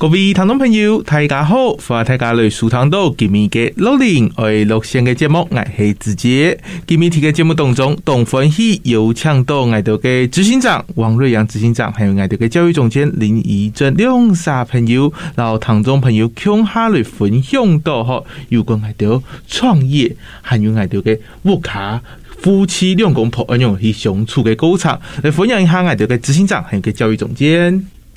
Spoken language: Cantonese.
各位聽眾朋友，大家好，歡迎大家嚟數糖到見面嘅六零二六成嘅節目係係自己見面聽嘅節目當中，董歡喜又搶到我哋嘅執行長王瑞揚，執行長，還有我哋嘅教育總監林沂蓁兩三朋友，然後聽眾朋友傾下嚟分享到，如果係到創業，還有我哋嘅沃卡夫妻兩公婆一樣係相處嘅過程，嚟分享一下我哋嘅執行長，還有個教育總監。